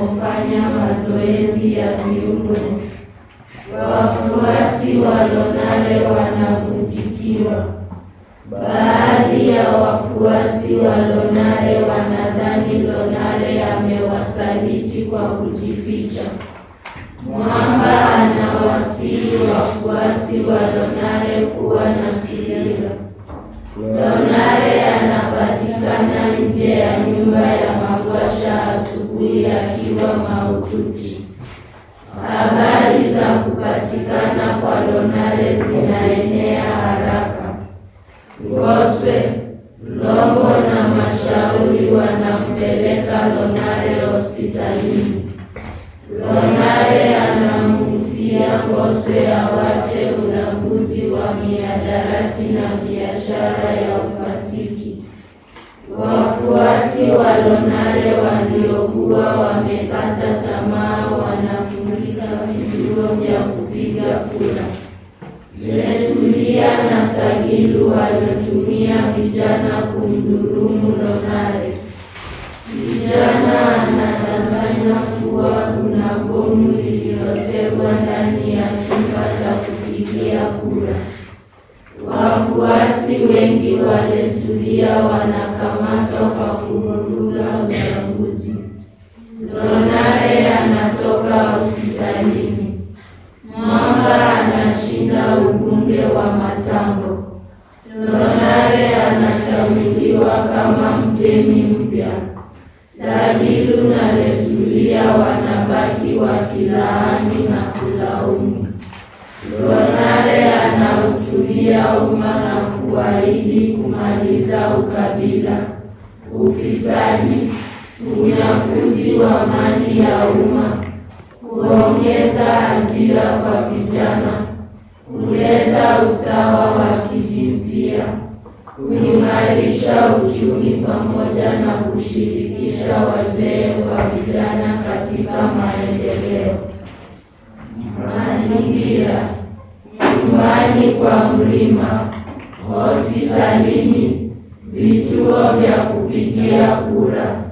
wanapofanya mazoezi ya viungo. Wafuasi wa Lonare wanavunjikiwa. Baadhi ya wafuasi wa Lonare wanadhani Lonare amewasaliti kwa kujificha. Mwamba anawasihi wafuasi wa Lonare kuwa na subira. Lonare anapatikana nje ya nyumba ya kuwasha asubuhi akiwa mahututi. Habari za kupatikana kwa Lonare zinaenea haraka. Goswe, Lombo na Mashauri wanampeleka Lonare hospitalini. Lonare anamuhusia Goswe awache ulanguzi wa miadarati na biashara ya ufasiki. Wafuasi wa Lonare waliokuwa wamekata tamaa wanafurika vituo vya kupiga kura. Lesulia na Sagilu walitumia vijana kumdhulumu Lonare. Vijana anadanganya kuwa kuna bomu kuvuruga uchaguzi. Donare anatoka hospitalini. Mwamba anashinda ubunge wa Matambo. Donare anasawiliwa kama mtemi mpya. Sabilu na Lesulia wanabaki wakilaani na kulaumu. Donare anautulia umma na kuahidi kumaliza ukabila ufisadi, unyakuzi wa mali ya umma, kuongeza ajira kwa vijana, kuleta usawa wa kijinsia, kuimarisha uchumi pamoja na kushirikisha wazee wa vijana katika maendeleo mazingira, nyumbani kwa mlima, hospitalini, vituo vya kupigia kura,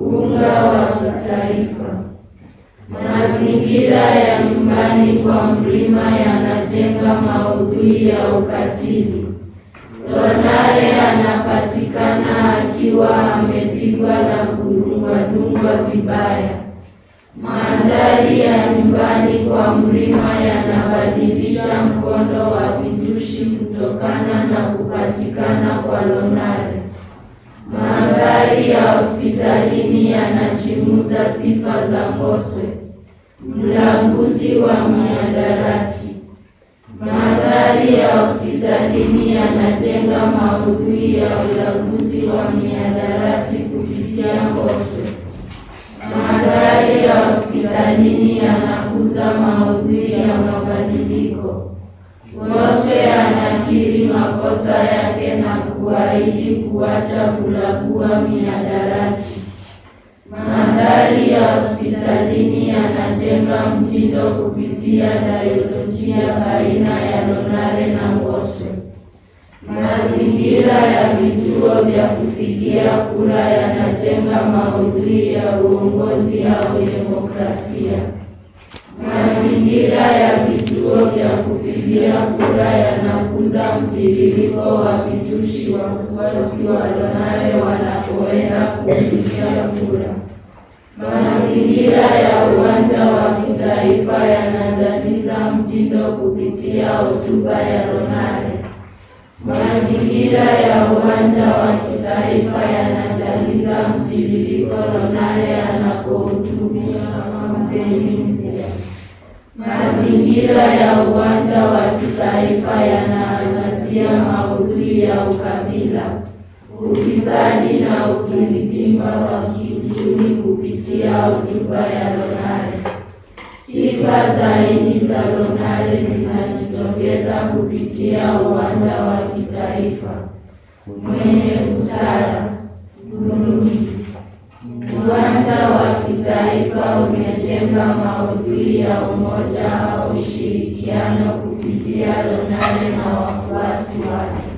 unga wa kitaifa. Mazingira ya nyumbani kwa Mlima yanajenga maudhui ya ukatili. Lonare anapatikana akiwa amepigwa na kudungwadungwa vibaya. Mandhari ya nyumbani kwa Mlima yanabadilisha mkondo wa vidushi kutokana na kupatikana kwa Lonare. Daktari ya hospitalini anachimuza sifa za Ngoswe, mlanguzi wa miadarati. Mandhari ya hospitalini yanajenga maudhui ya ulanguzi wa miadarati kupitia Ngoswe. Mandhari ya hospitalini yanakuza maudhui ya mabadiliko Mose anakiri makosa yake na kuahidi kuacha kulagua miadarati. Mandhari ya hospitalini yanajenga mtindo kupitia daiolojia baina ya Lonare na Ngoswe. Mazingira ya vituo vya kupigia kura yanajenga maudhui ya uongozi au demokrasia. Mazingira ya ya kupigia kura yanakuza mtiririko wa vitushi wafuasi wa ronare wanapoenda kupigia kura. Mazingira ya uwanja wa kitaifa yanajadiza mtindo kupitia hotuba ya ronare Mazingira ya uwanja wa kitaifa yanajadiza mtiririko ronare anapohutumia kama mtemi mpya. Mazingira ya uwanja wa kitaifa yanaangazia maudhui ya ukabila, ufisadi na ukiritimba wa kiuchumi kupitia hotuba ya Lonare. Sifa zaidi za Lonare zinajitokeza kupitia uwanja wa kitaifa: mwenye busara, mbunifu Uwanja wa kitaifa umejenga maudhui ya umoja au ushirikiano kupitia Lonare na wafuasi wake.